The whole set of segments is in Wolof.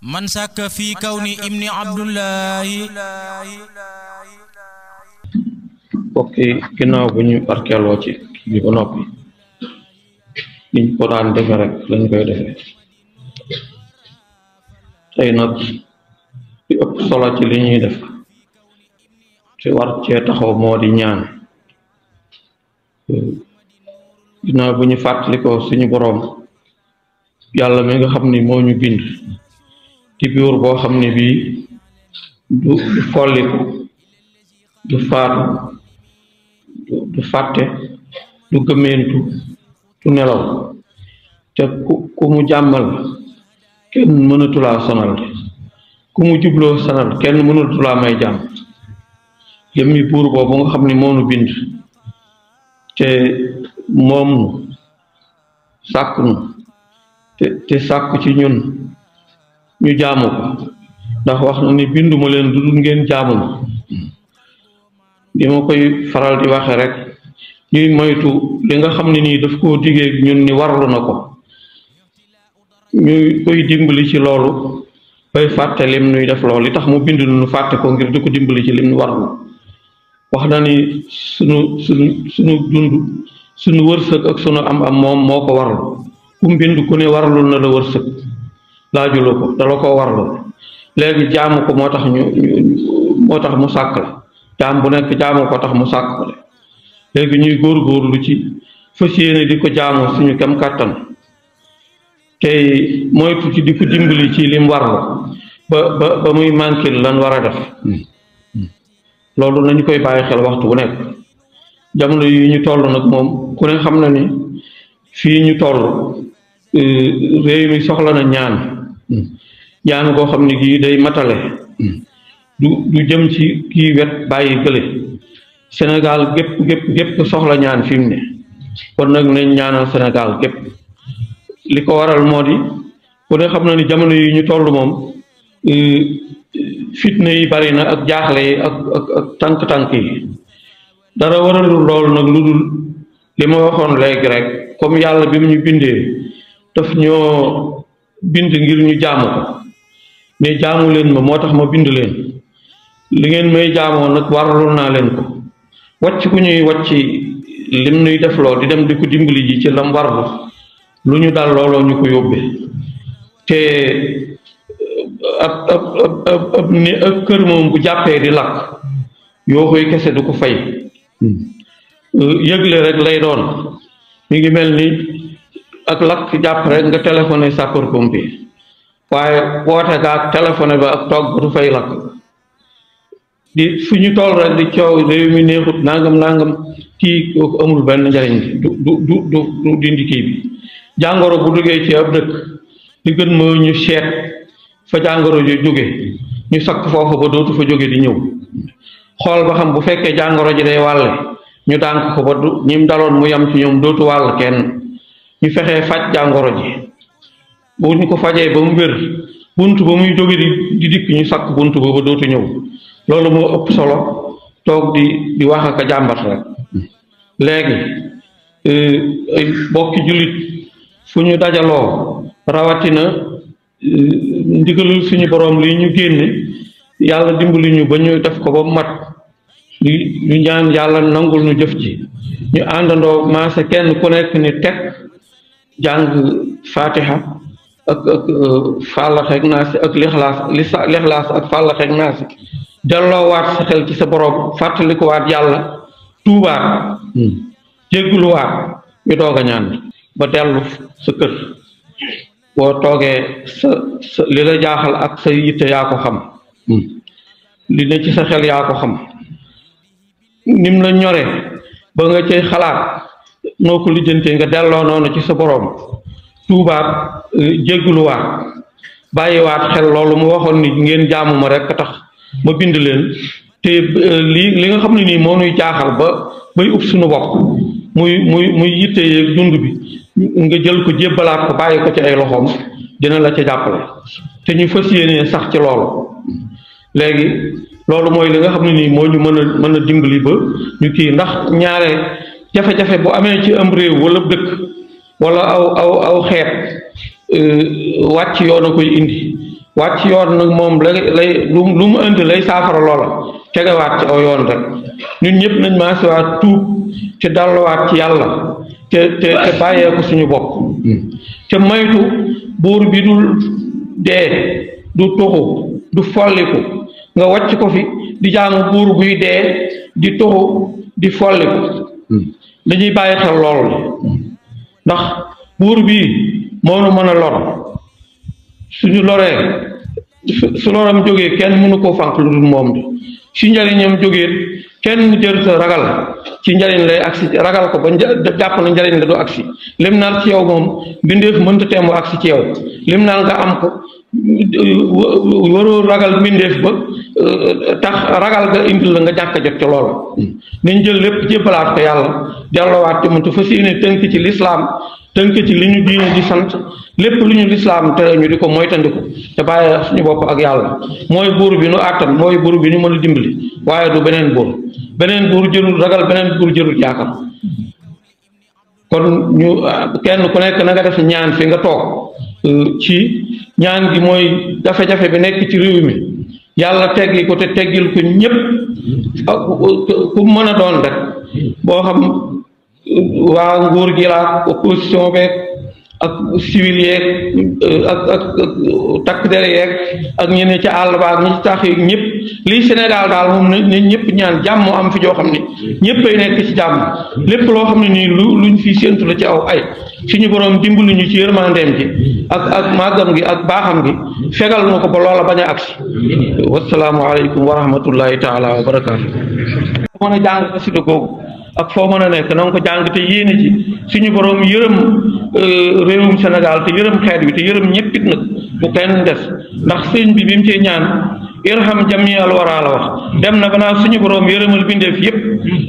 man sàkk fi kawni ibni abdullahi bokki ginnaaw bu ñu barkeeloo ci kii bi ba noppi niñ ko daan defe rek lañ koy defe tey nag li ëpp ci li ñuy def te war cee taxaw moo di ñaan ginnaaw bu ñu fàttalikoo suñu boroom yàlla mi nga xam ni moo ñu bind di buur boo xam ne bii du du folliku du faatu du fàtte du gëmeentu du nelaw te ku ku mu jàmmal kenn mënatulaa sonal de ku mu jubloo sonal kenn mënatulaa may jàmm yëmmi buur boobu nga xam ne moonu bind te moom nu te te ci ñun ñu jaamu ko ndax wax na ni binduma leen du dul ngeen jaamu ma koy faral di waxe rek ñuy moytu li nga xam ne nii daf koo digee ñun ni warlu na ko ñu koy dimbali ci loolu bay fàtte lim nuy def loolu li tax mu bind nu fàtte ko ngir di ko dimbali ci lim nu warlu wax na ni sunu sunu sunu dund sunu wërsëg ak sunu am am moom moo ko warlu ku mbind ku ne warlu na la wërsëg laajuloo ko dala koo warloo léegi jaamu ko moo tax ñu moo tax mu sàkk la jaam bu nekk jaamoo ko tax mu sàkk ko léegi ñuy góorgóorlu ci fas yéene di ko jaamu suñu kem kàttan tey moytu ci di ko dimbali ci lim warlo ba ba ba muy manqué lan war a def mm, mm. loolu nañu koy bàyyi xel waxtu wu nekk jamono yi ñu toll nag moom ku ne xam na ni fii ñu toll euh, réew mi soxla na ñaan ñaan hmm. koo xam ne kii day matale hmm. du du jëm ci kii wet bàyyi gële Sénégal gépp gépp soxla ñaan fi mu ne kon nag nañ ñaanal Sénégal gépp li ko waral moo di ku ne xam na ni jamono yi ñu toll moom euh, fitna yi bari na ak jaaxle yi ak ak ak yi dara waralul lool nag lu dul li ma waxoon léegi rek comme yàlla bi mu ñu bindee daf ñoo bind ngir ñu jaamu ko mais jaamu leen ma moo tax ma bind leen li ngeen may jaamoo nag waraloon naa leen ko wàcc ku ñuy wàcc lim nuy lool di dem di ko dimbali ji ci lam lu ñu dal looloo ñu ko yóbbee te ab ab ab ab ne ab kër moom bu jàppee di lakk yoo koy kese du ko fay hmm. yëgle rek lay doon mi ngi mel ni ak lakk jàpp rek nga téléphoné sapeur pompier waaye woote ga téléphone téléphoné ba ak toog du fay lakk di fu ñu tool rek di coow réew benn njariñ bi jàngoro bu duggee ci ab dëkk li gën mooy ñu seet fa jàngoro ji jóge ñu sakk foofu ba dootu fa jóge di ñëw xool ba xam bu fekkee jàngoro ji day wàlle ñu dànk ko ba du ñim daloon mu yem ci ñoom dootu wàll kenn ñu fexe faj jàngoro ji bu ñu ko fajee ba mu wér bunt ba muy jóge di di dikk ñu sakk bunt booba dootu ñëw loolu moo ëpp solo toog di di wax ak a jàmbat rek léegi euh, ay bokki jullit fu ñu dajaloo rawatina euh, ndigalul suñu borom li ñu génne yàlla dimbali ñu ba ñu def ko ba mat ñu ñaan yàlla nangul ñu jëf ji ñu àndandoo maase kenn ku nekk ni teg jàng fatiha ak ak uh, fàllax ak naasi ak lixlaas lixlaas ak fàllax ak naasi delloowaat sa xel ci sa borom fàttalikuwaat yàlla tuubaat hmm. jégguluwaat ñu doog a ñaan ba dellu sa kër boo toogee sa sa jaaxal ak sa yitte yaa xam hmm. li ci sa xel yaa xam nim la ñore ba nga cay xalaat noo ko lijjantee nga delloo noonu ci sa boroom tuubaat euh, jégguluwaat bàyyiwaat xel loolu mu waxoon ni ngeen jaamu ma rek tax ma bind leen te euh, lii li nga xam ne nii moo nuy jaaxal ba bay ub suñu bopp muy muy muy yitte yeeg dund bi nga jël ko jébbalaat ko bàyyi ko ci ay loxoom dina la ci jàppale te ñu fas yéenee sax ci loolu léegi loolu mooy li nga xam ne nii moo ñu mën a mën a dimbali ba ñu kii ndax ñaare jafe-jafe bu amee ci am réew wala dëkk walla aw aw aw xeet euh, wàcc yoon a koy indi wàcc yoon nag moom la lay lu mu indi lay saafara loola tegewaat ci aw yoon rek ñun ñëpp nañ maasiwaat tuub te dalluwaat ci yàlla te te te suñu bopp te moytu buur bi du dee du tuxu du folliku nga wàcc ko fi di jaamu buur buy dee di tuxu di folliku dañuy bàyyi xel lool ndax buur bi moo nu mën a lor suñu loree su loram jógee kenn mënu koo fànq lu dul moom bi su njariñam jógee kenn mu jër sa ragal ci njariñ lay agsi ragal ko ba jàpp na njariñ la du agsi lim naan ci yow moom bindeef mënta teemu agsi ci yow lim naan nga am ko waroo ragal mbindeef ba euh, tax ragal ga indil la nga ñàkk jot ci loolu nañ jël lépp jébbalaat ko yàlla delloowaat ci moom fa fas yéene tënk ci lislaam tënk ci li ñu diine di sant lépp lu ñu lislaam te ñu di ko moytandiku te bàyyi suñu bopp ak yàlla mooy buur bi nu àttan mooy buur bi nu mën a dimbali waaye du beneen buur beneen buur jërul ragal beneen buur jërul yaakam kon ñu kenn ku nekk na nga def ñaan fi nga toog ci ñaan gi mooy jafe-jafe bi nekk ci réew mi yàlla teggi ko te teggil ko ñëpp ku mën a doon rek boo xam waa nguur gi la opposition beeg ak civil yeeg euh, ak ak takk der yeeg ak ñeneen ci àll ba ak ñi ci tax ñëpp lii Sénégal daal moom ne ñëpp ñaan jàmm am fi joo xam ne ñëpp ay nekk ci jàmm lépp loo xam ne nii lu luñ fi séntu la ci aw ay suñu borom dimbali ñu ci yërmandeem ji ak ak màggam gi ak baaxam gi fegal na ko ba loola bañ a agsi wasalaamualeykum wa rahmatullahi taala wa barakaatu. mën a jàng xasida googu ak foo mën a nekk na nga ko jàng te yéene ci suñu boroom yërëm euh, réewum Sénégal te yërëm xeet bi te yërëm ñëppit nag bu kenn des ndax sëñ bi bi mu cee ñaan irham jami al waraa la wax dem na banaa suñu boroom yërëmal bindeef yëpp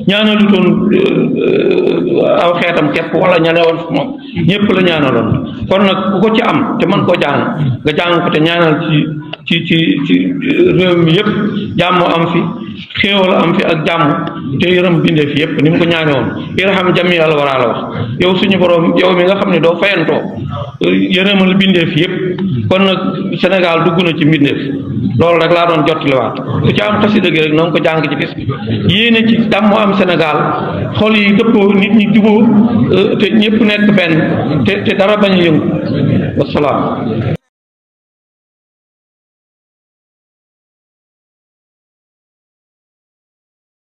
ñaanalutoon euh, aw xeetam képp wala ñanewoon fi ñëpp la ñaanaloon kon nag ko ci am te mën koo jàng nga jàng ko te ñaanal ci ci ci ci réew yëpp jàmm am fi xéewal am fi ak jàmm te yërëm bindeef yépp ni mu ko ñaane woon irham jami al wara la wax yow suñu borom yow mi nga xam ne doo fayantoo yërëmal bindeef yépp kon nag Sénégal dugg na ci mbindeef loolu rek laa doon jottaliwaat ku ci am xasida gi rek noonu ko jàng ci bis bi yéene ci jàmm am Sénégal xol yi dëppoo nit ñi juboo te ñëpp nekk benn te te dara bañ a yëngu wasalaam